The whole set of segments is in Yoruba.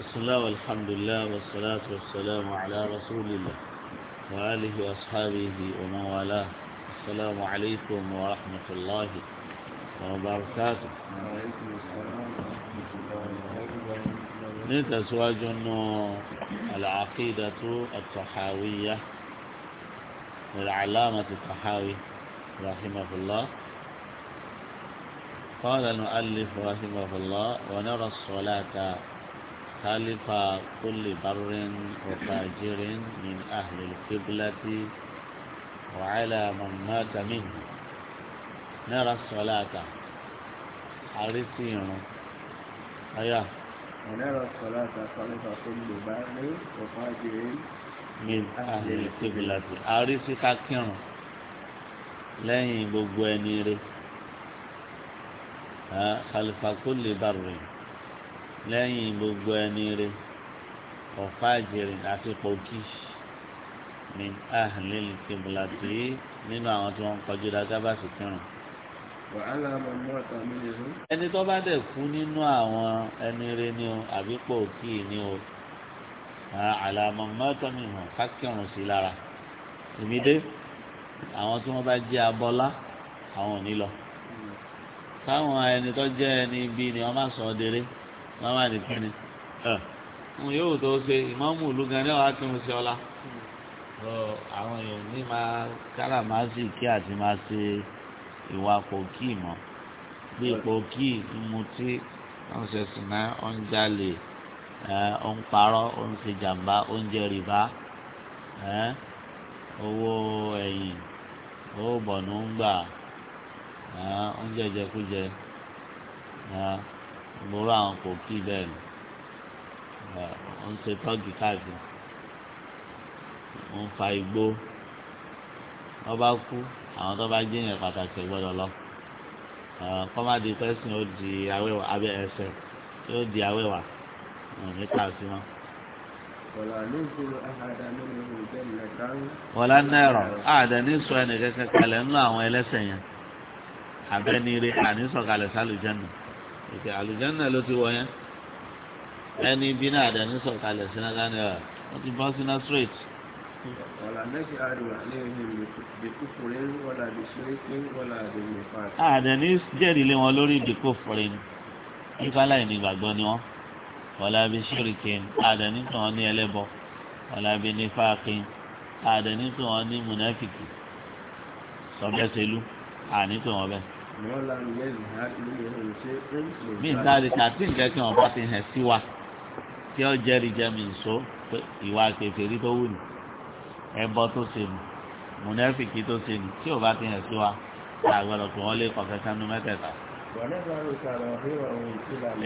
بسم الله والحمد لله والصلاة والسلام على رسول الله وآله وأصحابه ومن والاه السلام عليكم ورحمة الله وبركاته نتسواج أنه العقيدة الطحاوية العلامة الطحاوي رحمه الله قال المؤلف رحمه الله ونرى الصلاة خالف كل بر وفاجر من أهل القبلة وعلى من مات منه نرى الصلاة حريصين أيا ونرى الصلاة خالف كل بر وفاجر من أهل القبلة حريصي كاكين لين بقوانيري خلف كل بر lẹ́yìn gbogbo ẹni rẹ ọ̀fáàjìrì àti pọ̀kì ní ahlẹ́lì kìbùlà tí nínú àwọn tí wọ́n ń kọjú dáadáa bá sì kírun. ẹni tó bá dẹ̀ kú nínú àwọn ẹni rẹ ni o àbí pọ̀kì ni o àlàmọ̀ mọ́tọ́mì hàn ká kírun sí lára èmi dé àwọn tí wọ́n bá jẹ́ abọ́lá àwọn ò ní lọ hmm. táwọn ẹni tó jẹ́ ẹni bí ni wọ́n má sọ ọ́ déré wọn wà nìkan ni wọn yóò tó ṣe ìmọ̀mù ìlú gan ni wọn á tún ṣe ọlá àwọn èèyàn ní máa káràmásì kí àti máa ṣe ìwà pòkì mọ́ bí pòkì ìmùtí wọn ṣe sìnà ọ̀njalè ó ń parọ́ ó ń ṣe jàǹbá ó ń jẹ rìbá owó ẹ̀yìn owó bọ̀nù ń ń jẹjẹkújẹ gbòòrò àwọn kò kí bẹ́ẹ̀ ni wọ́n ń ṣe tọ́gì káàkiri wọ́n ń fa igbó wọ́n bá kú àwọn tó bá jẹ́yìn pàtàkì gbọ́dọ̀ lọ kọ́mádìí pẹ́sìn ó di awẹ́wà abẹ́ ẹsẹ̀ yóò di awẹ́wà ní kíláàsì wọn. wọ́lá náírà àdání sọ ẹnì kẹ́kẹ́ kalẹ̀ nínú àwọn ẹlẹ́sẹ̀ yẹn abẹ́ni rẹ̀ àníṣọ̀kalẹ̀ sálùjẹ́nu ìpè àlùjáná ló ti wọ yẹn ẹni bí náà àdáni sọ̀kalẹ̀ sínú gánà ẹ̀ wọ́n ti bọ́ sínú straight. àdáni jẹ́rìí lé wọn lórí ìdíkò fúnra ni nípa láì ní ìgbàgbọ́ ni wọ́n wọ́lá bí ṣíríkì àdáni tó wọn ní ẹlẹ́bọ wọ́lá bí nífàákì àdáni tó wọn ní múnáfìkì sọ́bẹ́sẹ̀lú àní tó wọn bẹ́ẹ̀ bí nǹkan àdìsá tí nǹkan kí wọn bá ti hàn sí wa tí ó jẹ́rìí jẹ́mi ìṣó ìwà kèfèrí tó wù ní ẹbọ tó ṣe nù mùnẹ́fìkì tó ṣe nù tí ò bá ti hàn sí wa àgbẹ̀rọ̀ kí wọ́n lé kọ̀ọ̀kan sánú mẹ́tẹ̀ẹ̀ta.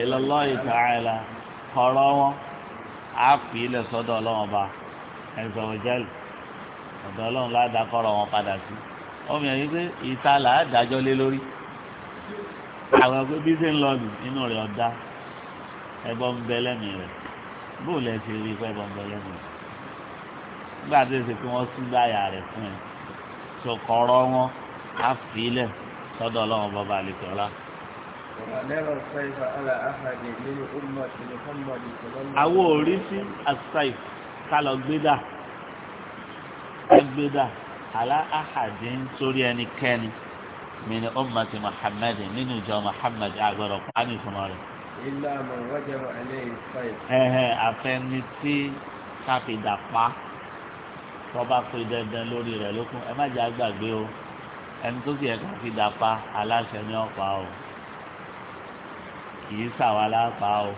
ìlọlọ́ ìtààlà kọ̀rọ̀ wọn á fi ilẹ̀ sọ́dọ̀ ọlọ́wọ́n ba ẹ̀sọ̀ òjẹ́lì ọ̀dọ̀ ọlọ́run ládàá kọ̀rọ̀ wọn padà sí ọmọ yẹn pé ìta là á dájọ́ lé lórí àwọn pé bí ṣe ń lọ nù inú rẹ̀ ọ̀dá ẹbọ ń bẹ lẹ́mìí rẹ̀ bóò lẹ ṣe rí ipá ẹbọ ń bẹ lẹ́mìí rẹ̀ nígbà tó ṣe pé wọ́n sún báyà rẹ̀ fún ẹ ṣòkòrò wọn á fi ilẹ̀ sọ́dọ̀ ọlọ́run bọ́ba àlejò ọlá. àwọn òrí sí àṣàì ká gbé dà àlá àhàdì ń sórí ẹnikẹ́ni mi ni ummati muhammed nínú ìjọ muhammed agbọ̀dọ̀ pàánù ìfúnmọ́ rẹ̀. ilé àmọ̀ wájà wà ní ìfẹ́. ẹhẹ àfẹni tí káfíńdà pa tọ́ba pé dandan lórí rẹ̀ lókun ẹ má jẹ́ àgbàgbé o ẹni tó sì yẹ káfíńdà pa aláṣẹ ní ọ̀pá o kì í sàwọn alápa o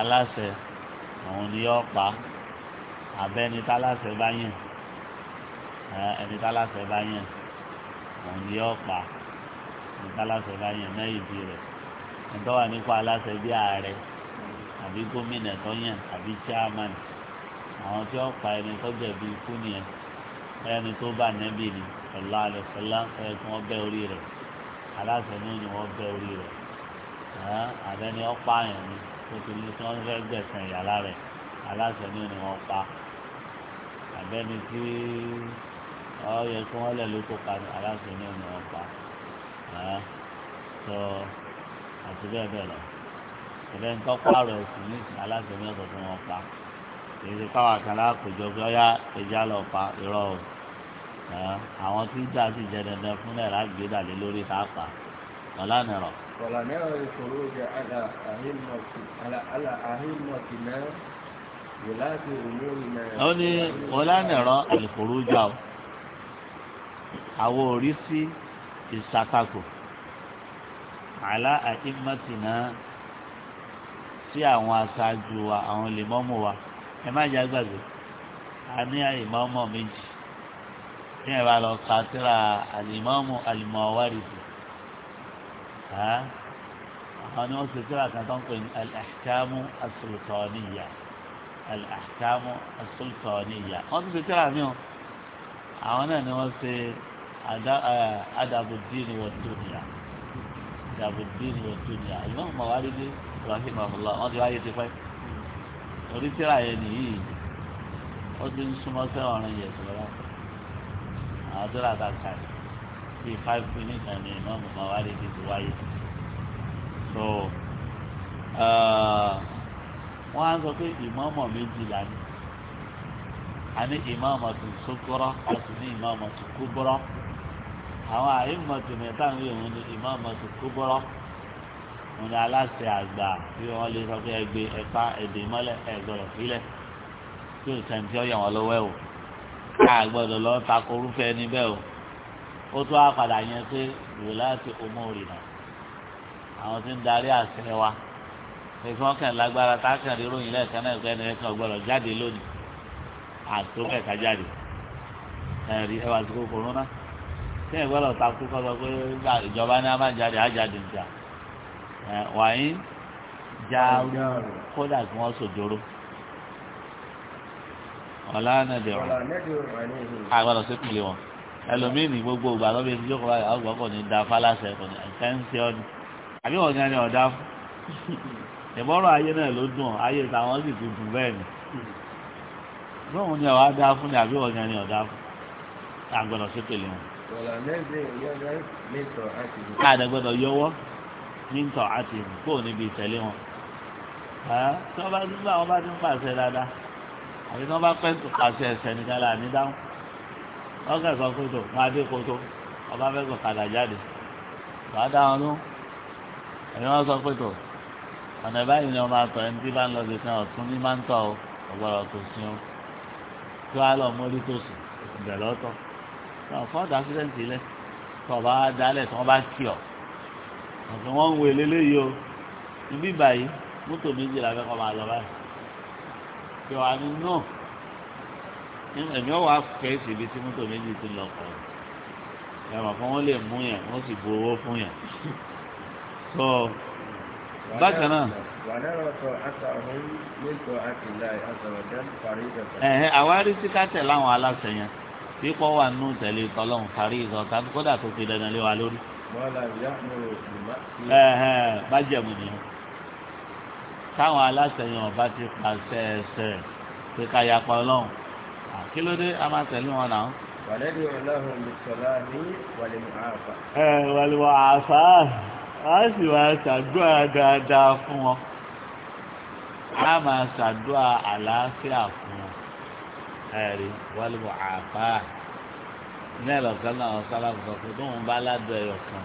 aláṣẹ òun ni ọ̀pá abẹ́ni táláṣẹ bá yàn ẹni tálàsẹ̀ bá yàn òun ni yóò pa ẹni tálàsẹ̀ bá yàn náà ìdí rẹ̀ ẹni tó wà nípa aláṣẹ bí ààrẹ àbí gómìnà tó yàn àbí chairman àwọn tí wọ́n pa ẹni tó jẹ̀bi ikú nìyẹn ẹni tó bá nẹ́bì ni ọ̀la rẹ̀ sọ́lá ẹ̀ tí wọ́n bẹ́ orí rẹ̀ aláṣẹ náà ni wọ́n bẹ́ orí rẹ̀ àbẹ́ni ọ̀pá àyàn ni tó ti ní tí wọ́n fẹ́ gbẹ̀sán ìyàlá rẹ̀ aláṣẹ náà ni wọ́n pa àbẹ́ni tí ọ yẹ kí wọ́n lẹ̀ ló tó pa aláṣẹ ní ọ̀nà ọ̀pá sọ àti bẹ́ẹ̀ bẹ́ẹ̀ lọ ìbẹ́ ń tọ́pọ̀ rẹ̀ sì ní aláṣẹ ní ọ̀sọ̀ fún wọn pa kì í ṣe káwọn àkàlà àpèjọ pé ọ̀yá ẹja lọ pa irọ́ o àwọn tí ìjà sì jẹ dandan fún náà lágbè dàlé lórí tá a pa ọ̀la nìrọ̀. ọ̀la nìrọ̀ ìṣòro jẹ́ àlà àhìmọ̀tì náà yìí láti òmùrì náà. ó ní ọ̀la nìrọ̀ àlùkòrò jà o àwọn òrísí ìsàkàkò àlá àìmọ́tìnà sí àwọn aṣáájú wa àwọn lèmọ́mù wa ẹ má jẹ́ àgbàgbé a ní àìmọ́mọ́ méjì ní ẹ̀rọ àlọ́ kàtírà àlìmọ́mù àlìmọ́wárìdì àwọn ni wọ́n ṣe tíra kan tó ń pè ní al-ahkamu as-sultaniya wọ́n ti ṣe tíra mi o àwọn náà ni wọ́n ṣe. Eh, adabudini wa dunya adabudini wa dunya ìmọ̀ mọ̀wárídé rahimahullah wọ́n ti wáyé ti pẹ́ orí tíra yẹn nìyí ó ti ń súnmọ́ sẹ́wọ̀n ọ̀rìn yẹn sọ̀rọ̀ àwọn tíra ta kà bíi five minutes and then ìmọ̀ mọ̀wárídé ti wáyé so eh, wọ́n á sọ pé ìmọ̀ọ́mọ̀ méjìlá ni a ní ìmọ̀ọ́mọ̀ tó sókòrò a sì ní ìmọ̀ọ́mọ̀ tó kúbọ̀rọ̀ àwọn àìmọ̀tò mẹ́ta ń rí òun ní ìmọ̀ọ́mọ̀tò kúbọ́rọ́ òun ni aláṣẹ àgbà bí wọ́n lè sọ pé ẹgbẹ́ ẹ̀pá èdè mọ́lẹ̀ ẹ̀gbọ́rọ̀ sílẹ̀ tí ò sẹ́ni tí ó yẹ wọn lọ́wọ́ ẹ̀ o ká gbọ́dọ̀ lọ ta korúfẹ́ níbẹ̀ o ó tún á padà yẹn pé wò láti ọmọ òrìnà àwọn tí ń darí àṣẹ wa èso ọkàn lágbára tákàn ríròyìn lẹ́ẹ̀kan náà ìgbẹ́ ẹnìyẹn kan gbọ́dọ̀ jáde lónìí àtúnkẹ̀ká sẹ́yìn gbọ́dọ̀ takú kọ́ sọ pé ìjọba ní amájáde ájáde ìjà wàyí já kódà kí wọ́n sòjóró ọ̀la nẹ́dẹ̀ ọ̀la àgbàdo sẹ́kùlé wọn ẹlòmíì ní gbogbo ìgbà lọ́bẹ̀ ìdíjọ́ kọ́ báyìí ọgbọ́n kò ní da fálásẹ̀ kò ní ẹ̀kẹ́ńsì ọ́ni àbí wọ́n ní ẹni ọ̀dá ìbọ́rọ̀ ayé náà ló dùn ayé táwọn sì ti dùn bẹ́ẹ̀ ni lóun ni ọ̀wá dá fún ni àbí wọ́n ní ẹni ọ̀dá fún àgbàdo sẹ́kùlé wọn àdàgbọ́dọ̀ yọwọ́ míntọ̀ àti kó níbi ìtẹ̀lé wọn tí wọ́n bá ti ń bá wọn bá ti ń pàṣẹ dáadáa àbí tí wọ́n bá pẹ́ tó pàṣẹ ẹ̀sẹ̀ nìkan là ní dáhùn wọ́n kẹ́kọ̀ọ́ kótó máa dé kótó ọba fẹ́ kó kàdà jáde wàá dá wọn nú ẹ̀mí wọn sọ pé tó ọ̀nà báyìí ni wọ́n máa tọ̀ ẹni tí bá ń lọ sí kan ọ̀tún ní máa ń tọ̀ ọ̀gbọ̀rọ̀ tòsí o fọ́ọ̀dù àkídẹ́ǹtì lẹ̀ tó ọba dalẹ̀ tó ọba kí ọ àti wọ́n ń wo eléyìí o níbí báyìí mọ́tò méjì làbẹ́ kọ́ máa lọ báyìí kí wàá ní náà ẹ̀mí ọ̀wá kẹ́sì ibi tí mọ́tò méjì ti lọ kọ́ ẹ̀mọ̀ fún wọn lè mú yẹn wọ́n sì bu owó fún yẹn tó bákan náà. ẹ̀hẹ́ àwa rí sí ká tẹ̀ láwọn aláṣẹ yẹn pípọ̀ wà nù tẹ̀lé tọ́lọ́n kárí ìzọ̀tà kódà tó fi dandan lé wa lórí. bájẹ̀mù ni táwọn aláṣẹyìn ọba ti pàṣẹ ẹsẹ̀ pé ká ya pa ọlọ́run kí ló dé a máa tẹ̀lé wọn náà. wàlẹ́dì ọlọ́run lè sọ̀rọ̀ ní wàlẹ́ mọ̀ àfà. ẹ wàlẹ́ mọ̀ àfà á sì máa ṣàdúrà dáadáa fún wọn á máa ṣàdúrà àlàáfíà fún wọn ẹ̀rí wálùbọ̀ àfà ní ẹ̀lọ́kan náà wọ́n sálábù sọ pé tóun bá ládùú ẹ̀yọ̀ kan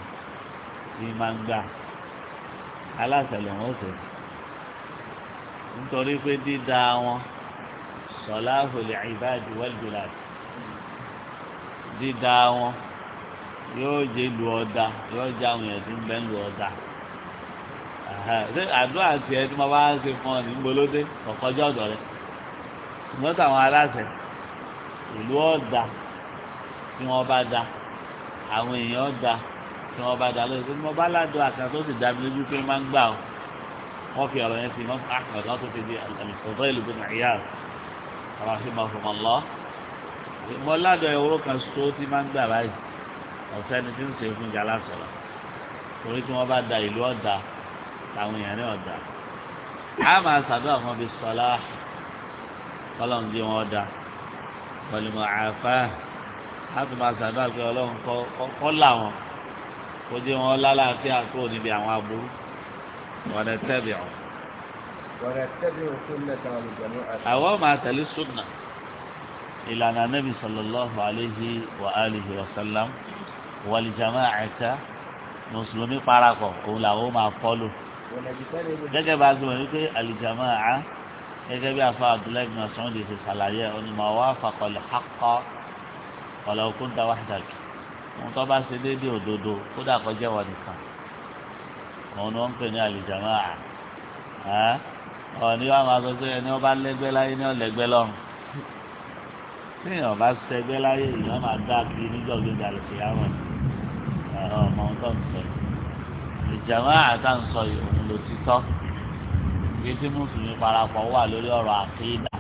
tí máa ń gbà aláṣẹ lòun ó sè nítorí pé dídá wọn sọláhù lè ìbáàdì wẹ́lbìlà dídá wọn yóò jẹ lu ọ̀dà yóò jẹ àwọn èèyàn tí ń bẹ́ lu ọ̀dà àdúrà tiẹ̀ tí wọ́n bá ń ṣe fún ọ ní gbolódé ọ̀dọ̀ rẹ̀ ṣùgbọ́n táwọn aláṣẹ ìlú ọ̀dà tí wọ́n bá da àwọn èèyàn ọ̀dà tí wọ́n bá da lóṣù tí mo bá ládùn àkàn tó sì dábìlì ojú pé máa ń gbà ó wọ́n fi ọ̀rọ̀ yẹn sí wọ́n fún àkàn ah, tó fi di àlùfọ́tọ́ ìlú bínú ìyá rẹ̀ ọ̀rọ̀ sí ma fún wọn lọ. mo ládùn ẹ̀wúrọ̀ kan tó ti máa ń gbà báyìí ọ̀sẹ́ tí ń ṣe fún jàlá kọ́lọ́n bí wọ́n da pẹ̀lú àfẹ́ láti máa sàdúrà pé ọlọ́run kọ́ là wọn kó jẹ́ wọn lálàáfíà kúrò níbi àwọn aburú wọn ẹ tẹ́bi ọ. àwọn máa tẹ̀lé súnà ìlànà nabi sallallahu alayhi wa alihi wa sallam wal jama'ata mùsùlùmí parakọ̀ òun làwọn máa fọ́lò gẹ́gẹ́ bá a sọ wọ́n wípé al jama'a gẹ́gẹ́ bí afa abdullahi bin Mas'ud ṣe ṣàlàyé onímọ̀ wa faqal haqqa walau kunta wahdak wọn tó bá ṣe déédéé òdodo kódà kó jẹ́ wọn nìkan òun ni wọ́n ń pè ní al-jama'a ọ̀ní wa máa sọ pé ẹni ọba lẹ́gbẹ́ láyé ní ọ̀lẹ́gbẹ́ lọ́run tí èèyàn bá ṣẹgbẹ́ láyé èèyàn máa dá kiri níjọ́ lè fi àwọn ọmọ tó ń sọ yìí al àtàǹsọ yìí òun ló ti tọ́ ìgbésí mùsùlùmí parapọ̀ wà lórí ọ̀rọ̀ àkéèdà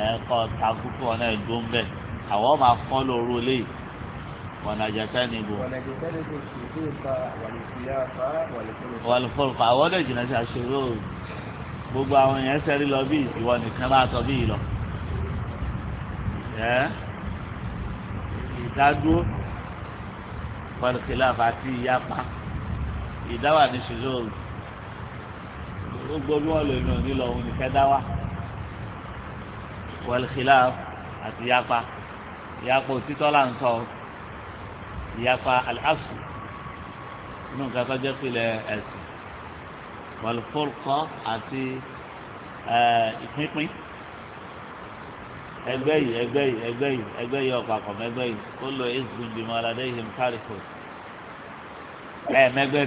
ẹ̀ẹ́kọ́ takùkù ọ̀nà ẹ̀dùn bẹ̀ àwọn máa kọ́ lóru léyìí wọnàjẹsẹ nìbò wàlúfọlùfà àwọn ọdẹ jìnnà sí àṣírò gbogbo àwọn yẹn sẹrí lọ bí ìwọ nìkan bá sọ bí ìlọ ẹ ìdádúró pẹ̀lú kìláàfà àti ìyapa ìdáwà ní ṣùgbọ́n gbogbo bí wọ́n lè lò nílò òun nìkẹ́ dá wa wẹ̀lìkìlá àti yapa yapa òtítọ́ là ń sọ yapa àlàáfù inú nǹkan tó jẹ́ pilẹ̀ ẹ̀sìn wẹ̀lìfọ́lùkọ́ àti ìpínpín ẹgbẹ́ yìí ẹgbẹ́ yìí ẹgbẹ́ yìí ẹgbẹ́ yìí ọ̀pọ̀ àkọ́mọ ẹgbẹ́ yìí ó lọ ẹ̀sùn bímọ aládé yìí ń kárí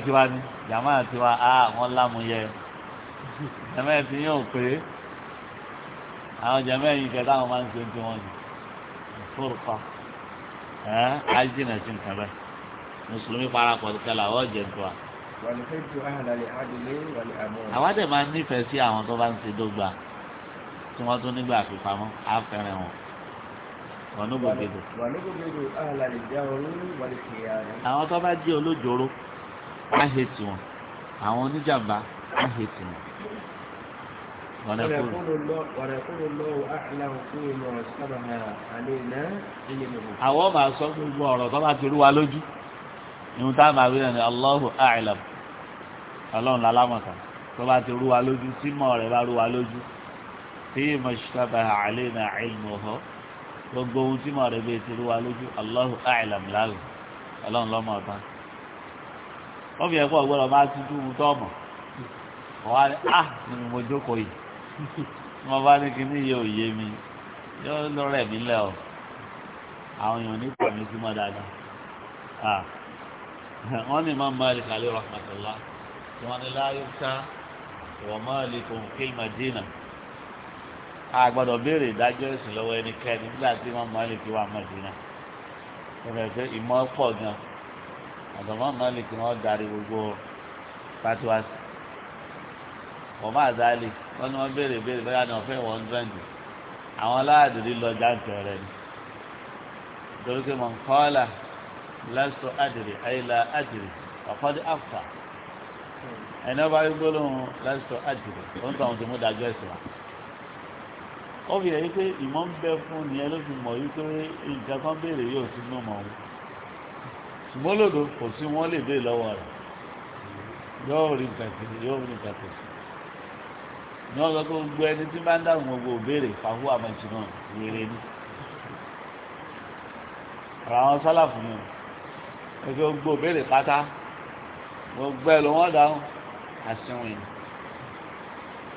tiwa ni jàmáà tiwa á wọ́n lámúyẹ jẹmẹ ti yóò pé àwọn jẹmẹ yìí kẹta àwọn máa ń ṣe tiwọn ni fúrùkọ ẹ ajínà sí nǹkan bẹ mùsùlùmí parapọ̀ kẹlẹ̀ àwọn jẹ tó wa. àwọn àdè máa nífẹ̀ẹ́ sí àwọn tó bá ń ṣe dọ́gba tí wọ́n tún nígbà àfipamọ́ àfẹ́rẹ́ wọn wọnúgbòdodo. wọnúgbòdodo àlà ìjáwóró wọlé kìíyàrá. àwọn tó bá jẹ́ olójoro á hẹ̀ tiwọn àwọn oníjàmbá á hẹ̀ tiwọn. ونقول ونقول الله أعلم فيما سبها علينا علمه àwọn máa sọ fún gbogbo ọ̀rọ̀ tó bá ti rú wa lójú ìhun tá a máa wí náà ni Allahu a'lam ọlọ́run lálámọ̀tà tó bá ti rú wa lójú tí mọ̀ rẹ̀ bá rú wa lójú tí mọ̀ ṣàbàhà àlẹ́nà ilmuhu gbogbo ohun tí mọ̀ rẹ̀ bẹ́ẹ̀ ti rú wa lójú Allahu a'lam láàrú ọlọ́run lọ́mọ̀ọ́ta wọ́n fi ẹ̀kọ́ ọ̀gbọ́dọ̀ máa ti dúró tọ́ọ̀mọ̀ wọ́n á ní ah, mo jókòó yìí mo bá ní kíní yóò yé mi yóò lọ rẹ̀ mí lẹ̀ o àwọn èèyàn ní pọ̀ mí sí mọ́ dáadáa wọ́n ní Imam Malik alayhi rahmatullah tí wọ́n ní láyé ká wa Malikun fil Madina a gbọ́dọ̀ béèrè ìdájọ́ ẹ̀sìn lọ́wọ́ ẹnikẹ́ni nígbà tí Imam Malik wà Madina ìrẹ̀ pé ìmọ̀ pọ̀ gan ọ̀dọ̀ Imam Malik ni wọ́n darí gbogbo pátí wá sí wọ́n máa dálé wọ́n ní wọ́n béèrè béèrè bóyá ní ọ̀fẹ́ one twenty àwọn aláàdúrí lọ jáǹtẹ̀ rẹ̀ ni torí pé mọ̀n kọ́ọ́là lẹ́sọ̀ àdìrí àyílá àdìrí ọ̀kọ́dé àfà ẹni ọba gbólóhùn lẹ́sọ̀ àdìrí òun tó àwọn tó mú dájọ́ ẹ̀sìn wa. ó fi hàn pé ìmọ̀ ń bẹ fún ni ẹ ló fi mọ̀ wípé nǹkan kan béèrè yóò sí inú mọ̀ wọn ṣùgbọ́n lòdò kò sí wọn lè béè lọ́wọ́ rẹ̀ yóò rí nǹkan kiri yóò rí nǹkan kiri ní wọn sọ pé gbogbo ẹni tí bá ń dáhùn gbogbo òbéèrè fàáhù àmọ̀jì náà wéré ni ọ̀rọ̀ àwọn sálàfù ni ẹgbẹ́ gbogbo òbéèrè pátá gbogbo ẹ ló wọ́n dáhùn àṣìwìn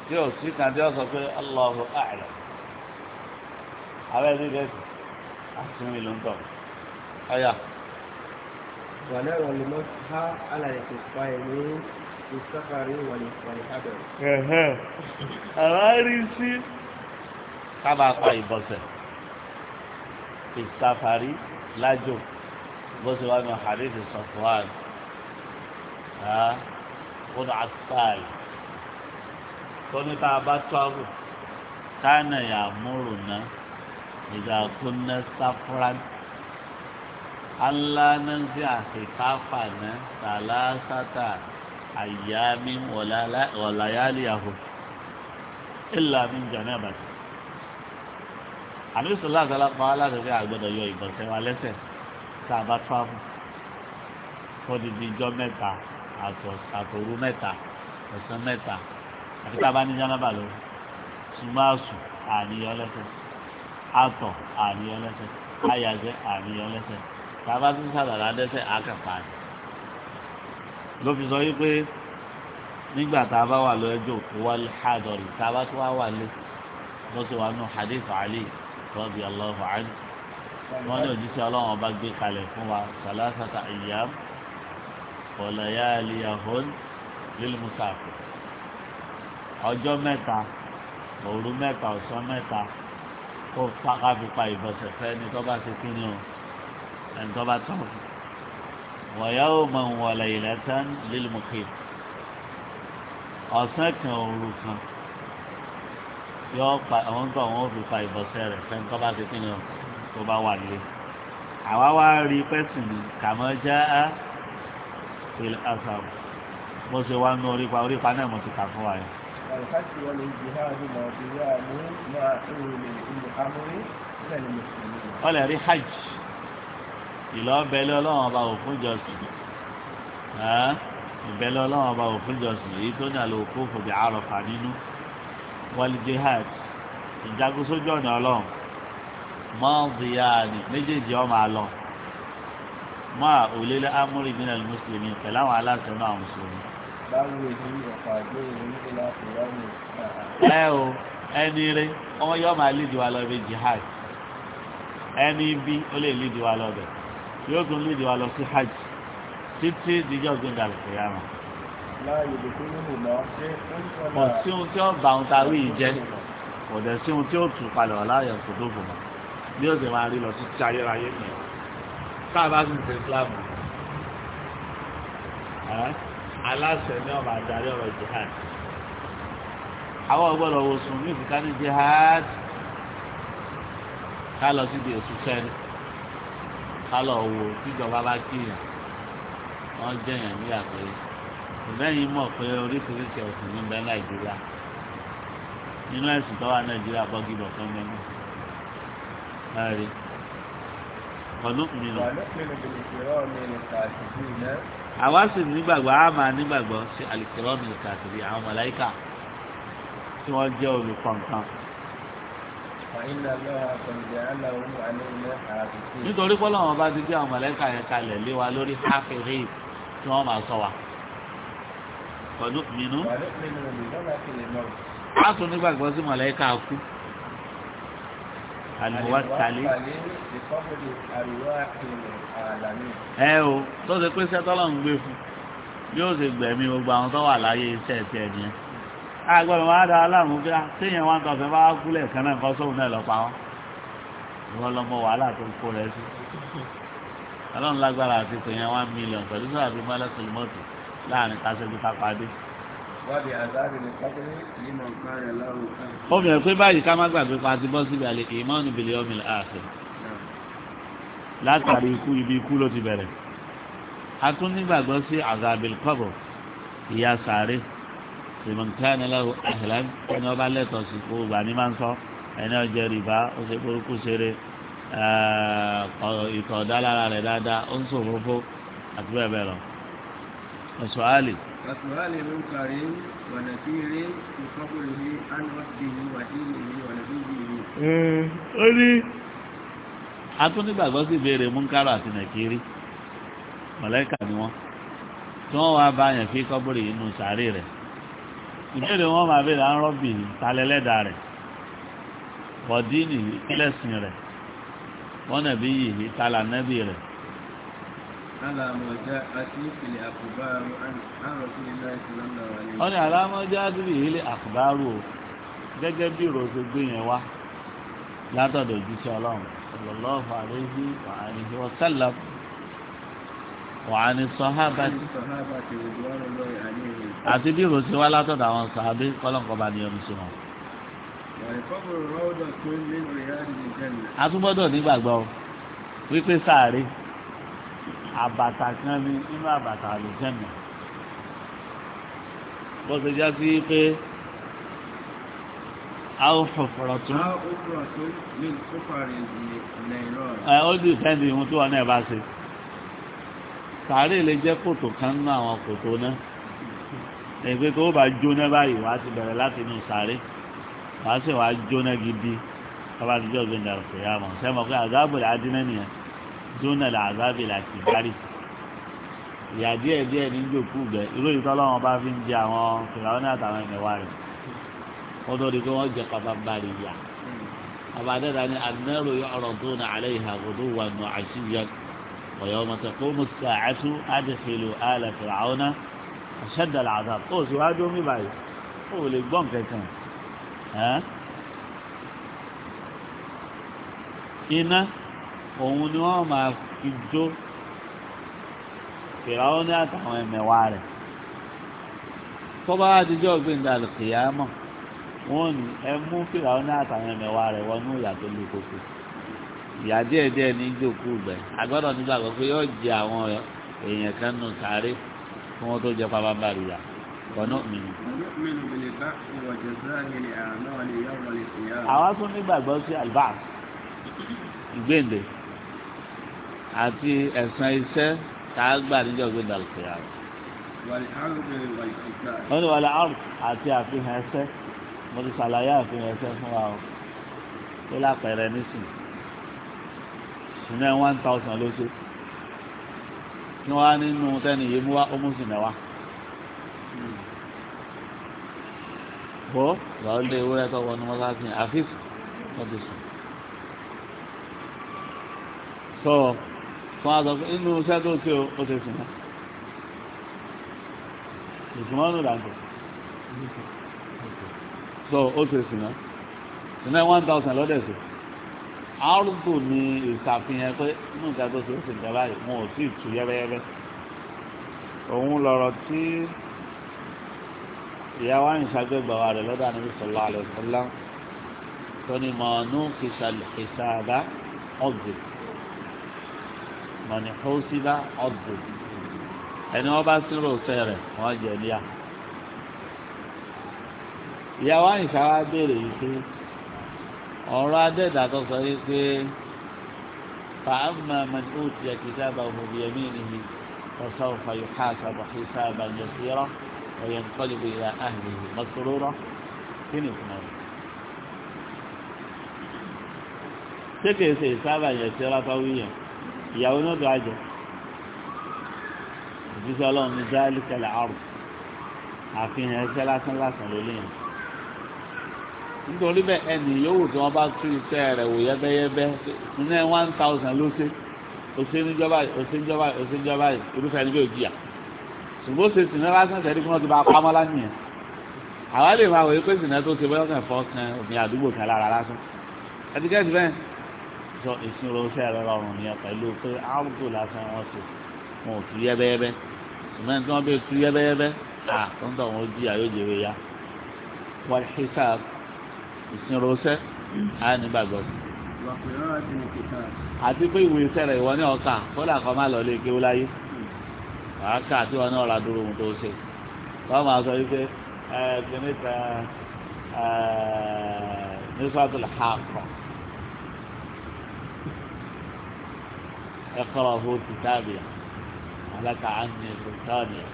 tí ò sí kan tí wọ́n sọ pé Allahu a'lam abẹ́rẹ́ dẹ́sì àṣìwìn ló ń tọ̀ ọ̀yà. wàlẹ́ ìrọ̀lẹ́ mọ́ ká àlàyé tó pa ẹ̀mí àwárí sí sábà pa ìbọ̀sẹ̀ ìsàfàrí lájò bọ́sẹ̀ wà ní hadith sọ̀fọ́àn ọ̀nà àtàlì tó ní ká bá tọ́wù kánà yà múrù ná ìdàkúnná sáfúrán alánáńsì àti káfà ná tàlásátà àyàmí wọ̀láyálì àhò ìlà mi ń jẹun ẹ̀bà tí. àmísọ̀ láàzálà pa á láti fi àgbọ̀dọ̀ yọ ìgbọ̀nsẹ̀ wa lẹ́sẹ̀ tá a bá travel fọ́dìdì ijọ́ mẹ́ta àtòru mẹ́ta ọ̀sán mẹ́ta àti tá a bá ní jánábà lọ ṣùgbọ́n àsùn àníyọ lẹ́sẹ̀ àtọ̀ àníyọ lẹ́sẹ̀ àyàgbẹ́ àníyọ tá a bá tún sàdàlà dẹ́sẹ̀ àkàpà ni ló fi sọ wípé nígbà tá a bá wà lọ́jọ́ òkú wálé hádọ́rì tá a bá tó wá wà lé bó ṣe wà nù hadith ali rọ́bì aláwọ̀ ali wọ́n ní òjíṣẹ́ ọlọ́run ọba gbé kalẹ̀ fún wa sàlásàtà ìyàm ọ̀làyà àlìyàhón lílùmùsàfù ọjọ́ mẹ́ta òru mẹ́ta ọ̀sán mẹ́ta kó káfípa ìbọ̀sẹ̀ fẹ́ ni tó bá ti kí ni o ẹni tó bá tọ̀ fún. ويوما وليلة للمقيم ọ̀sán kan òru kan yọ pa àwọn tó àwọn òfin fa ìbọ̀sẹ̀ rẹ̀ fẹ́ni tó bá ti pín tó bá wà nílé àwa wá rí pẹ́sìn kàmọ́ já á pèlè àṣàwọ̀ mo ṣe wá nú orípa orípa náà mo ti kà fún wa yẹn. àlùfáàsì hajj ìlọ́bẹ̀lẹ́ ọlọ́run ọba òfin jọ̀sìn ìbẹ̀lẹ́ ọlọ́run ọba òfin jọ̀sìn èyí tó ní àlọ́ òkú òfòbí àròfà nínú wọlé jihad ìjagunsójú ọ̀nà ọlọ́run mọ́ọ̀dìyàní méjèèjì ọmọ àlọ́ mọ́ òlélẹ́ amúrí ìgbìnà mùsùlùmí pẹ̀lú àwọn aláṣẹ náà mùsùlùmí. ẹ o ẹni rẹ ọmọ yóò máa lídìí lọ bí jihad ẹni bí ó lè lídìí lọ bẹ́ẹ̀ yóò tún lídìí wa lọ sí hajj títí díjọ́ gbẹ̀dà àlùkìyàmà. kò sí ohun tí ó bá ohun tá a rí yìí jẹ́ kò dẹ̀ sí ohun tí ó tù palẹ̀ wà láàyè kò tó fòmọ́ bí ó sì máa rí lọ sí ti ayérayé nìyẹn káàbá sì ń ṣe Islam aláṣẹ ní ọba àdarí ọ̀rọ̀ jihad àwọn ọgbọ́dọ̀ wo sùn ní ìfìkánì jihad ká lọ sí ibi èsù sẹ́ni kálọ̀ wo tíjọba bá kíyàn wọ́n jẹ̀yàn ní àpẹẹrẹ ìbẹ́yìn mọ̀ pé oríṣiríṣi ẹ̀sìn ní bẹ́ẹ̀ nàìjíríà nínú ẹ̀sìn tó wà nàìjíríà bọ́gì bọ̀ fún mẹ́nu ẹ̀rí ọ̀nùkùnrin náà. àwa sì nígbàgbọ́ a máa nígbàgbọ́ sí àlìkìrọ́ọ̀mù kàtìrì àwọn màláíkà tí wọ́n jẹ́ olùkọ́ nǹkan nítorí pé Ọlọ́run bá ti gbé àwọn mọ̀lẹ́kà yẹn kalẹ̀ lé wa lórí háfìrí tí wọ́n máa sọ wa pẹ̀lú mìínú. a tún nígbàgbọ́ sí mọ̀lẹ́kà kú àlùmọ́wátálé. ẹ o tó ṣe pé sẹ́tọ́lọ́ ń gbé fún yóò ṣe gbẹ̀mí gbogbo àwọn tó wà láyé iṣẹ́ tiẹ̀ nìyẹn agbọ́dọ̀ wá dá aláàmú bí séèyàn ah, wá ń tọ̀sẹ̀ bá kúlẹ̀ kan náà kọ́ sóhun náà lọ́pàá wọn ìwọ lọmọ wàhálà tó ń kó rẹ sí ọlọ́run lágbára àti pèyàn one million pẹ̀lú sọ́dọ̀ àti mọ́lẹ́sìn mọ́tò láàrin kásẹ́bí kápádé. obìnrin pé báyìí ká má gbàgbé pa ti bọ́ síbi àlè ìmọ̀ọ́nù bìlẹ̀ ọmọ àṣẹ látàrí ikú ibi ikú ló ti bẹ̀rẹ̀ a tún nígbàgbọ́ sí àgàbìl kọ́bọ̀ ìyá lèmọ̀ kíláàni lọ́wọ́ àhìlá ẹni ọba lẹ́tọ̀ sí kó gbà ní máa ń sọ ẹni ọjọ́ rìbá ó ṣe kórókó ṣeré ìtọ̀ ọ̀dá lára rẹ̀ dáadáa ó ń ṣòfófó àti bẹ́ẹ̀ bẹ́ẹ̀ lọ. ọ̀ṣọ́ àlè. ọ̀ṣọ́ àlè ló ń kàrí wọ̀nà tí eré ìfọ́kùnrin ní anọ́ọ̀tì ní wàdíìlì ní wọ̀nà tí ìlú. ó ní. a tún nígbàgbọ́ sí àti nàkírí mọ̀lẹ́kà ni wọ́n tí wọ́n wá bá àyànfi kọ́bùrì inú sàárè rẹ̀ ìbéèrè wọn máa béèrè àwọn rọ́bì ní talẹ́lẹ́dà rẹ̀ bọ̀dínì kílẹ̀sìn rẹ̀ wọ́n nàbí yìí tala nẹ́bì rẹ̀. wọ́n ní alámọ́já àdúgbò yìí lè àkùbárò gẹ́gẹ́ bí ìròsè gbé yẹn wá látọ̀dọ̀ jíṣẹ́ ọlọ́run sallallahu alaihi wa alihi wa wàá ní sọ́hábà tí. àti bí ìrò ti wá látọ̀dọ̀ àwọn sàbí kọ́lọ́ǹkọ́ bá ní ọdún sí wọn. atúbọ̀dọ̀ nígbàgbọ́ wípé sáré àbàtà kan ní nínú àbàtà àlùjẹ́nà bó ṣe já sí pé a ó fọ̀fọ̀rọ̀ tún. a ó fọ̀fọ̀rọ̀ tún ní kópa rẹ̀ ní nàìjíríà. ẹ ó dì fẹ́ǹdì ìhun tí wọn náà bá ṣe sàárè lè jẹ́ kòtò kan nínú àwọn kòtò náà ẹgbẹ́ tó bá jóná báyìí wàá ti bẹ̀rẹ̀ láti inú sàárè wàá sì wàá jóná gidi ọba àtijọ́ gbẹ̀ndà ọ̀sẹ̀ yà mọ̀ sẹ́mọ̀ pé àzábò là á dín náà nìyẹn jóná là àzábì là ti gbárí ìyà díẹ̀ díẹ̀ ní jòkú gbẹ irú ìtọ́lọ́wọ́n bá fi ń jẹ àwọn fìlàwọ́n àtàwọn ẹ̀mẹ̀wá rẹ̀ wọ́n tó di pé wọ́n jẹ pàpà bàrì yà àbádẹ́ta ni anẹ́rù yọ̀ọ̀rọ̀ tó nà àlẹ́ ìhàgòdó wà nù àṣìyàn ويوم تقوم الساعة أدخلوا آل فرعون أشد العذاب أو سواجه مبعي أو لقبون كيكان ها iná òun ni wọ́n máa fi jó fìràwọ́ ní àtàwọn ẹ̀mẹ̀wá rẹ̀ tọ́ba àtijọ́ gbẹ̀ngà lùkìyàmọ̀ wọ́n ní ẹ mú fìràwọ́ ní àtàwọn ẹ̀mẹ̀wá rẹ̀ wọnú ìyàtọ̀ lè koko ìyá díẹ̀ díẹ̀ ní ìjòkó gbẹ agbọ́dọ̀ nígbàgbọ́ pé yóò jẹ àwọn èèyàn kan nù sáré kí wọ́n tó jẹ pàmò àbárìyà kọ́nà mi. àwa tún nígbàgbọ́ sí albert ìgbéǹde àti ẹ̀sán iṣẹ́ tá a gbà níjọ́ gbéǹde àlùfẹ́yà rẹ̀. wọ́n ní wàlẹ̀ àti àfihàn ẹsẹ̀ mo ti ṣàlàyé àfihàn ẹsẹ̀ fún wa o lápẹẹrẹ nísìnyí sìnà one thousand ló ṣe kí wọ́n á nínú tẹ́ni yìí mú wá ó mú sìnà wá. bọ́ lọ́ọ́ lé ewúrẹ́ tó wọnú wọn láti àfíf wọ́n ti sùn. sọ fún wa sọ pé inú iṣẹ́ tó ṣe ó ṣe sìnà ìsúnmọ́nù làǹtọ̀ sọ ó ṣe sìnà sìnà one thousand lọ́dẹ̀ sí arúgbó ni ìsàfihàn pé inú ìgbà tó ṣe é ṣe ń jẹba yìí wọn ò tí ì tú yẹ́bẹ́yẹ́bẹ́ òun lọ̀rọ̀ tí ìyàwó àyìnṣàgbé gbàwá rẹ̀ lọ́dọ̀ àníbi sọ̀lá àlẹ́ ìfọ̀lá tó ní mọ̀ọ́nù kìsàbá ọ̀gbìn mọ̀ọ́nì hósíbá ọ̀gbìn ẹni wọn bá sírò sẹ rẹ̀ wọn jẹ níyà ìyàwó àyìnṣàgbé béèrè yìí ọ̀rọ̀ adẹ́dà tó sọ yìí pé fàámà man utiya kitabahu bi yaminihi wa sawfa yuhasabu hisaban yasira wa yanqalibu ila ahlihi masrura kí ni ìfúnná rẹ̀. ṣé kìí ṣe ìsáàbà yasira tó wíyàn ìyàwó náà tó àjọ òjíṣẹ́ ọlọ́run ní dáálì kẹlẹ̀ àrùn àfihàn ẹsẹ̀ lásán lásán lóléyìn nítorí bẹ́ẹ̀ ẹnì yòówù tí wọ́n bá tún iṣẹ́ rẹ̀ wò yẹ́bẹ́yẹ́bẹ́ ní one thousand ló ṣe òṣè níjọba òṣè níjọba òṣè níjọba irúfẹ́ ẹni bí ò ṣùgbọ́n ṣe sìnà lásán tẹ̀lé kí wọ́n ti bá pamọ́ lánìyàn àwa lè máa wòye pé sìnà tó ṣe bọ́lá kan fọ́ kan òfin àdúgbò kan lára lásán ẹtikẹ́tì bẹ́ẹ̀ sọ ìṣirò iṣẹ́ rẹ̀ rọrùn nìyẹn pẹ̀lú pé áwùjọ lásán wọn ṣe wọn ò tú yẹ́bẹ́yẹ́bẹ́ ṣùgbọ́n tí wọ́n bẹ tú yẹ́bẹ́yẹ́bẹ́ à tó ń tọ̀ wọn jìyà yóò jèrè ya wọ́n ṣe sáà ìsinrosẹ́ á nígbàgbọ́ sí. àti pé ìwé sẹ́rẹ̀ ìwọ ní ọkà kódà kan má lọ lé kéwú láyé wàá kà tí wọn náà ra dúró ohun tó ṣe wọn máa sọ wípé ẹ kìíní ta ẹ lè ha kọ̀ ẹ kọ́ ti tábìlì àlàkà á ní sultaniya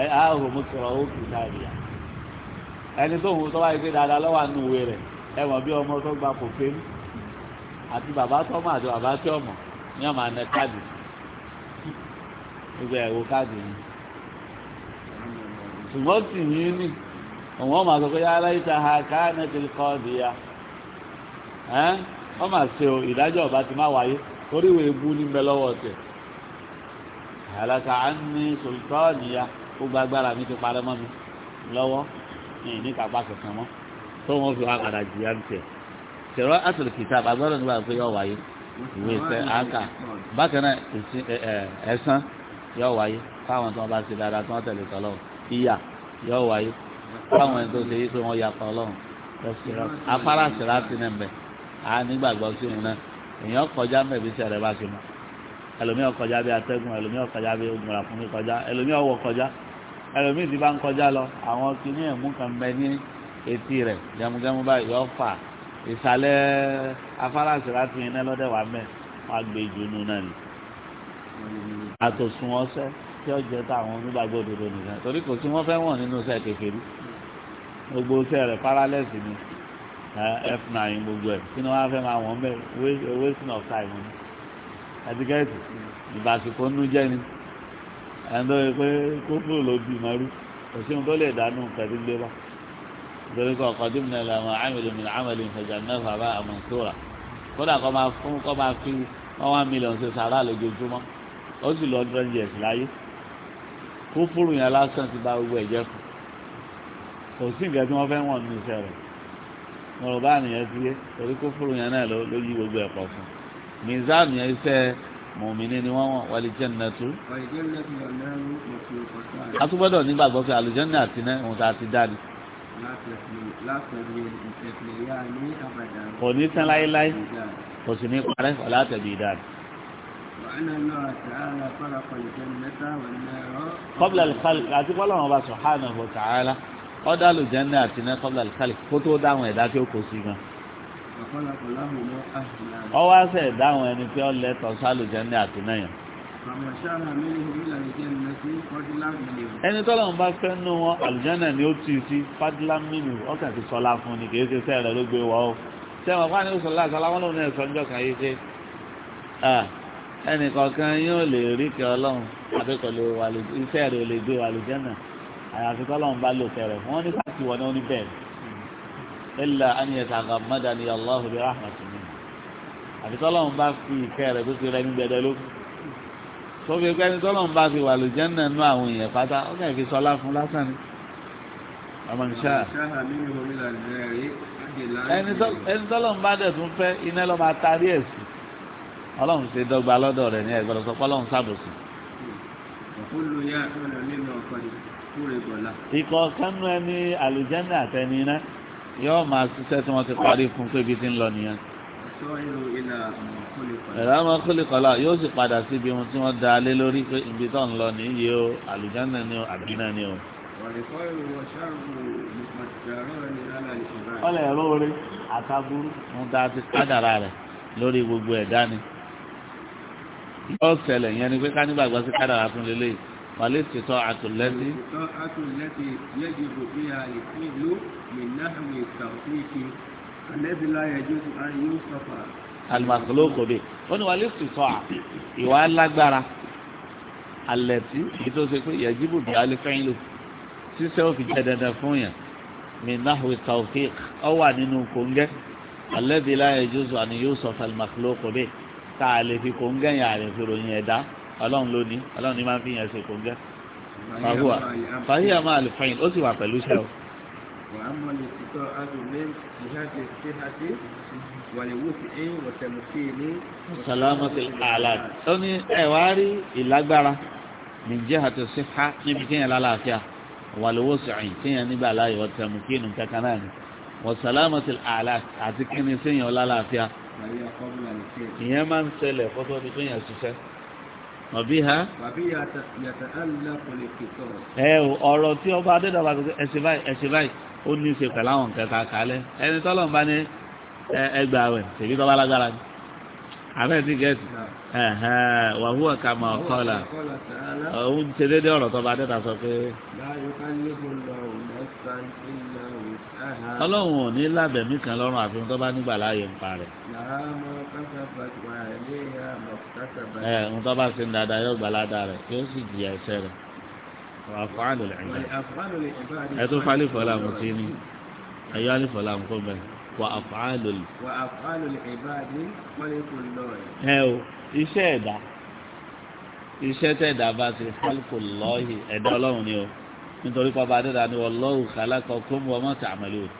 ẹ áhùn mú kọ́ ọ̀hún ti tábìlì. ẹni tó ń tó wáyé pé dáadáa lọ́wọ́ àánú ìwé rẹ̀ ẹ mọ̀ bí ọmọ tó gba àti bàbá tọ́mọ àti bàbá tí ọmọ ní ọmọ àna káàdì gbogbo ẹ̀wò káàdì ni ṣùgbọ́n tì mí nì òun ọmọ àtọ́kọ́ ta ha káàní ti kọ́ ọ́ di ya wọ́n máa ṣe ìdájọ́ ọba ti máa wáyé torí ìwé ní lọ́wọ́ àlàkà á ní mi ti parẹ́ mọ́ mi ní ní kápá kankan mọ́ tó wọ́n fi wá padà jìyà ń tẹ̀ ṣẹ̀rọ asòlù kìtà àgbàdo nígbà pé yọ wáyé ìwé ìfẹ́ àáká bákan náà ẹ̀sán yọ wáyé fáwọn tí wọ́n bá ṣe dáadáa tí wọ́n tẹ̀lé tọ́lọ́wọ́ ìyà yọ wáyé fáwọn ẹni tó ṣe yí pé wọ́n ya tọ́lọ́wọ́ afárá ṣẹlá ti nà mbẹ a nígbàgbọ́ sí òun náà èèyàn kọjá mẹ́bí sẹ̀rẹ̀ bá ṣe mọ́ ẹlòmíràn kọjá bí atẹ́gùn ẹlòmíràn kọjá bí ogun rà kọjá ẹlòmíràn wọ kọjá ẹlòmíì ti bá ń kọjá lọ àwọn kìíní ẹ̀mú kan bẹ ní etí rẹ̀ jẹmujẹmu báyìí yọ fà ìsàlẹ̀ afárasì láti iná lọ́dẹ̀ wà mẹ́ wọ́n á gbé ìdùnnú náà ni. àtòsùn ọsẹ tí ó jẹ táwọn onígbàgbọ́ òdodo nìkan torí kò sí wọ́n fẹ́ wọ̀n nínú iṣẹ́ kékeré gbogbo iṣẹ́ rẹ̀ paralẹ́sì ni f9 gbogbo ẹ̀ kí ni wọ́n á fẹ́ máa wọ̀n mẹ́ wasting of time ni àti gẹ́ẹ̀tì ìbàsìkò ń nu jẹ́ ni ẹ̀ńdọ́ yẹ pé kófúrò ló bí marú òṣèlú tó lè dánú kẹ́tí gbé wá nítorí kọ́ ọ̀kọ́dún náà làwọn àmìlò mi àmìlò ìfẹ̀jà náà fàbá àmọ̀sóra kódà kọ́ máa fún kọ́ máa fi one million ṣe sàrà lójoojúmọ́ ó sì lọ hundred years láyé kófúrò yẹn lásán ti bá gbogbo ẹ̀jẹ̀ fún kò sí nǹkan tí wọ́n fẹ́ wọ̀n nínú iṣẹ́ rẹ̀ mọ̀rọ̀ bá nìyẹn ti yé torí kófúrò yẹn náà ló yí gbogbo ẹ̀kọ́ fún mizan mùmíní ni wọ́n wọ̀ wàlí jannatu. a tún gbọ́dọ̀ nígbàgbọ́ pé àlùjànnà àti iná ohun tá a ti dá ni. kò ní tán láéláé kò sì ní parẹ́ ọ̀la àtẹ̀bí ìdáni. kọ́bílà alìkálì àti bọ́lá wọn bá subhanahu wa ta'ala ọ̀dà àlùjànnà àti iná kọ́bílà alìkálì kó dáhùn ẹ̀dá tí ó kó sí gan-an ọwọ́ àṣẹ ìdáhùn ẹni pé ọlẹ́tọ̀ sálùjẹ́ ní àtúnáyàn ẹni tọ́lọ̀ ń bá fẹ́ nú wọn àlùjánà ni ó tì í sí fadilaminu ọkàn ti sọlá fún ni kì í ṣe sẹ́ẹ̀rẹ̀ ló gbé wọ́ ọ́ sẹ́wọ̀n fún àníwò sọlá sọlá wọn lòun ẹ̀sọ́ níjọ́ kan yìí ṣe ẹnì kọ̀ọ̀kan yóò lè rí kẹ́ ọlọ́run akẹ́kọ̀ọ́ lè wà iṣẹ́ rẹ̀ lè gbé wà àlùjánà àyàfi tọ́lọ̀ ń bá lò fẹ́rẹ̀ wọ́n ní káàkiri wọn ní bẹ́ẹ̀ إلا أن àgàmọ́dà الله برحمة منه. rahmat mi àfi tọ́lọ́run bá fi ìkẹ́ rẹ̀ tó ti rẹ̀ ní gbẹdẹ ló tó fi pẹ́ ní tọ́lọ́run bá fi wà lójẹ́ náà nú àwọn èèyàn pátá ó kàn fi sọlá fún lásán ni ọmọ nìṣá ẹni tọ́lọ́run bá dẹ̀ tún fẹ́ iná lọ́ máa tarí ẹ̀ sí ọlọ́run ṣe dọ́gba lọ́dọ̀ rẹ̀ ní ẹgbẹ́ lọ́sọ pọ́lọ́run ẹni àlùjẹ́ náà yóò máa ṣiṣẹ́ tí wọ́n ti parí fún pé ibi tí ń lọ nìyẹn. ẹ̀rọ àwọn kólíkọ́lá yóò sì padà sí ibi tí wọ́n dá lé lórí pé ibi tó ń lọ nìyí o àlùjáná ni o àbínà ni o. ọlẹ̀ ẹ̀rọ orin àtàbúrú ń da ti kádàrà rẹ̀ lórí gbogbo ẹ̀dá ni. yóò ṣẹlẹ̀ yẹn ni pé ká nígbàgbọ́ sí kádàrà tún lélẹ́yìí. والاستطاعة التي الاستطاعة التي يجب فيها الفعل من نحو التوفيق الذي لا يجوز أن يوصف المخلوق به wọ́n ní والاستطاعة ìwà alágbára التي ètò ṣe يجب بها الفعل سيسو في fi jẹ́ من نحو التوفيق أو أن nínú kòńgẹ́ الذي لا يجوز أن يوصف المخلوق به tá في lè يعني في yẹn àlè ọlọ́run ló ní ọlọ́run ní máa ń fi yẹn ṣe kóńgẹ́ fàhùwà fàhíà máa lè fẹ́yìn ó sì wà pẹ̀lú ṣẹ́ o. sàlámàtì àlàd ó ní ẹ̀wá rí ìlágbára nìjẹ́ àti sífá níbi kéèyàn lálàáfíà wà lówó sàyìn kéèyàn nígbà láàyè ọ̀tẹ̀ mú kéèyàn kankan náà ni wọ́n sàlámàtì àlàd àti kíni séèyàn lálàáfíà ìyẹn máa ń ṣẹlẹ̀ fọ́tọ́ ní kéèyàn ṣiṣẹ́ ọ̀bíhá. ọ̀bíhá yàtàlá pọ̀lìkìtọ̀. ẹ o ọ̀rọ̀ tí ọba adédọ̀ba kò ẹsẹ̀ báyìí ẹsẹ̀ báyìí ó ní í ṣe pẹ̀lú àwọn nǹkan tá a kà á lẹ̀ ẹni tọ́lọ̀ ń bá ní ẹgbà rẹ̀ tèmi tọ́ba lágbára ni àbẹ́ ti gẹ̀ẹ́sì wà hùwà kà mà ọ̀kọ́là òun ti dédé ọ̀rọ̀ tọ́ba adédọ̀ sọ pé ọlọ́run ò ní lábẹ̀mí kan lọ́rùn àfihàn tó bá nígbà láàyè ń pa rẹ̀. ẹ ń tọ́ bá ṣe ń dáadáa yóò gbà ládàá rẹ̀ yóò sì jìyà ẹ̀ṣẹ̀ rẹ̀ àfọ̀hánù lè ń bẹ̀. ẹ tún fálí fọlá mo ti ní ayé wálé fọlá mo kó bẹ̀ wà àfọ̀hánù lè. wà àfọ̀hánù lè ìbáàdì wọlé kò lọ rẹ̀. ẹ o iṣẹ́ ẹ̀dá iṣẹ́ tẹ̀dá bá ti fálí kò lọ́ọ̀hì ẹ̀dá ọlọ́run ni o nítorí pé ọba adéda ni wallahu khalaqakum wa ma ta'malun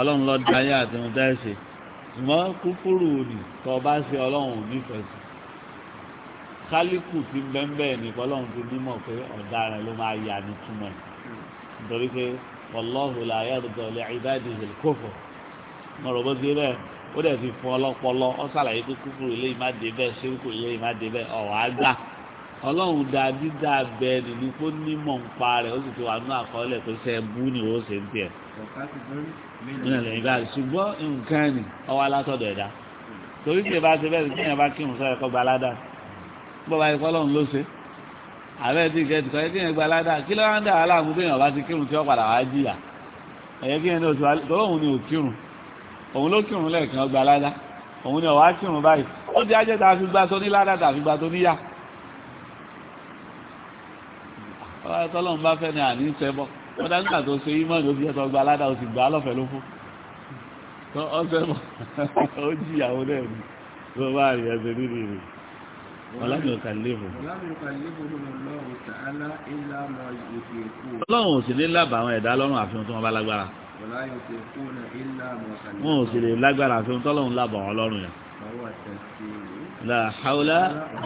ọlọ́run ló dá yá àti ohun dẹ́sẹ̀ ṣùgbọ́n kúkúrú ni tó bá ṣe ọlọ́run nífẹ̀ẹ́ sí kálíkù ti bẹ́ńbẹ́ ní ọlọ́run ti nímọ̀ pé ọ̀daràn ló máa yà ní túmọ̀ nítorí pé wallahu la yarda li ibadihi al-kufr mọ̀rọ̀ bó ti bẹ́ẹ̀ ó dẹ̀ ti fún ọlọ́pọlọ ó ṣàlàyé kúkúrú ilé ìmádé bẹ́ẹ̀ ṣírkù ilé ìmádé bẹ́ẹ̀ ọ̀wá gbà ọlọ́run dá dídá bẹ́ẹ̀ nínú kó nímọ̀ ń pa rẹ̀ ó sì ti wà ní àkọọ́lẹ̀ pé ṣe bú ni ó ṣe ń tiẹ̀. ṣùgbọ́n nǹkan ni ọwọ́ alásọ̀dọ̀ ẹ̀dá torí tí ìbá ṣe bẹ́ẹ̀ tí ìyẹn bá kírun sọ ẹ̀kọ́ gbalada bó ba ikọ́ lọ́run ló ṣe àbẹ́ tí ìkẹ́ tìkọ́ ẹ̀kí yẹn gbalada kí ló ń dà wá láàmú bí èèyàn ti kírun tí ó padà wá jìyà ẹ̀yẹ kí yẹn oṣù tọ́lọ́hún ni ò kírun òun ló kírun lẹ́ẹ̀kan gbalada òun ni ọ̀wá kírun báyìí ó ti ajẹ́ta fi gbà tó ní ládàá tàfi gbà tó níyà tọ́lọ́run bá fẹ́ ni àní ń sẹ́bọ̀ wọ́n dá nígbà tó ṣe ímọ̀ ló fi ẹ̀tọ́ gba aládà ó sì gbà á lọ́fẹ̀ẹ́ ló fún ọ́sẹ́bọ̀ ó jìyàwó náà ni ló bá rí ẹsẹ̀ nínú ìrè ọlọ́run kà lébù. ọlọ́run ò sì ní lábàá àwọn ẹ̀dá lọ́rùn àfihàn tó wọn bá lágbára wọn ò sì lè lágbára àfihàn tọ́lọ́run lábàá wọn yẹn la hawla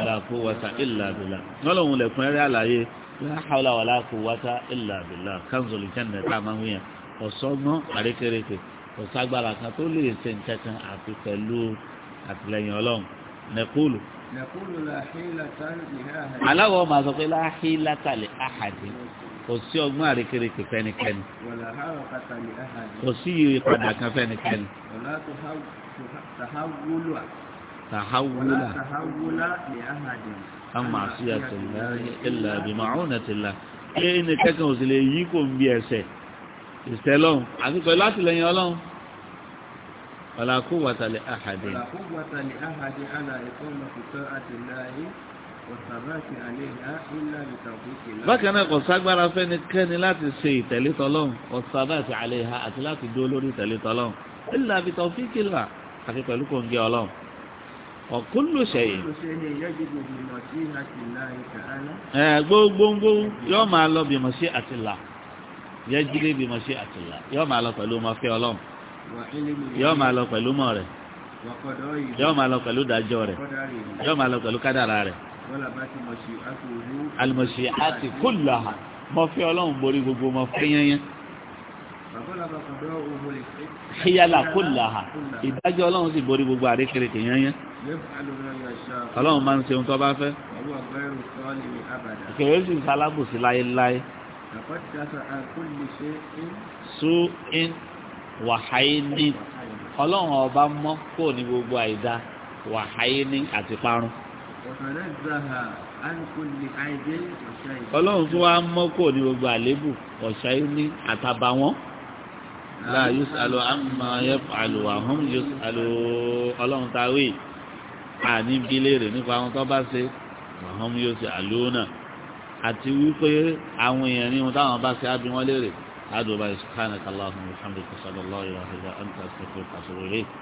la quwwata illa billah lọ́lọ́run lẹ̀kún ẹ̀rẹ́ àlàyé la hawla wala quwwata illa billah kanzu lìjẹ́nà tá a máa ń wíyàn ọ̀sọ́gbọ́n àrékèrèké ọ̀ságbára kan tó lè ṣe nǹkankan àfi pẹ̀lú àtìlẹyìn ọlọ́run nẹ̀kúlù. nẹ̀kúlù la hilata li ahadi. aláwọ̀ máa sọ pé la hilata li ahadi kò sí ọgbọ́n àrékèrèké fẹ́nikẹ́ni kò sí ìyípadà kan fẹ́nikẹ́ni. wala tahawulu تحول عن عصية الله إلا بمعونة الله إيه إن كاكاو سليكم بيسه استلام عزيز قلات لن يولون ولا قوة لأحد ولا قوة لأحد على إقامة طاعة الله والثبات عليها إلا بتوفيق الله بكنا قصاك برا فين كان لا تسي تلي طلون والثبات عليها أتلات دولوري تلي طلون إلا بتوفيق الله حقيقة لكم جي الله ọ̀kúnlù sẹ́yìn. ẹ gbogbogbò yóò máa lọ bímọ sí àtìlá yẹjìlẹ bímọ sí àtìlá yóò máa lọ pẹ̀lú ọmọ fẹ́ ọlọ́run yóò máa lọ pẹ̀lú mọ̀ rẹ̀ yóò máa lọ pẹ̀lú dájọ́ rẹ̀ yóò máa lọ pẹ̀lú kádàrà rẹ̀ alimọ̀sí àti kúlù àhà mọ̀ fẹ́ ọlọ́run borí gbogbo mọ̀ fẹ́ yẹn yẹn hiyala kullaha ìdájọ́ ọlọ́run sì borí gbogbo àrékèrèkè yányán ọlọ́run máa ń ṣe ohun tó bá fẹ́ ìkẹ̀wé sì ń salábùsí láéláé su'in wàháíní ọlọ́run ọba mọ́ kó ní gbogbo àìda wàháíní àti parun ọlọ́run tún wá mọ́ kó ní gbogbo àlébù ọ̀ṣáíní àtàbàwọ́n la yusalu amma yaf'alu wa hum yusalu ọlọ́run tá a wí àní bí léèrè nípa àwọn tó bá ṣe wa hum yusaluna àti wípé àwọn èèyàn ní ohun táwọn bá ṣe á bí wọ́n léèrè adùn báyìí subhanaka Allahumma wa bihamdika sallallahu alaihi wa sallam anta astaghfiruka wa atubu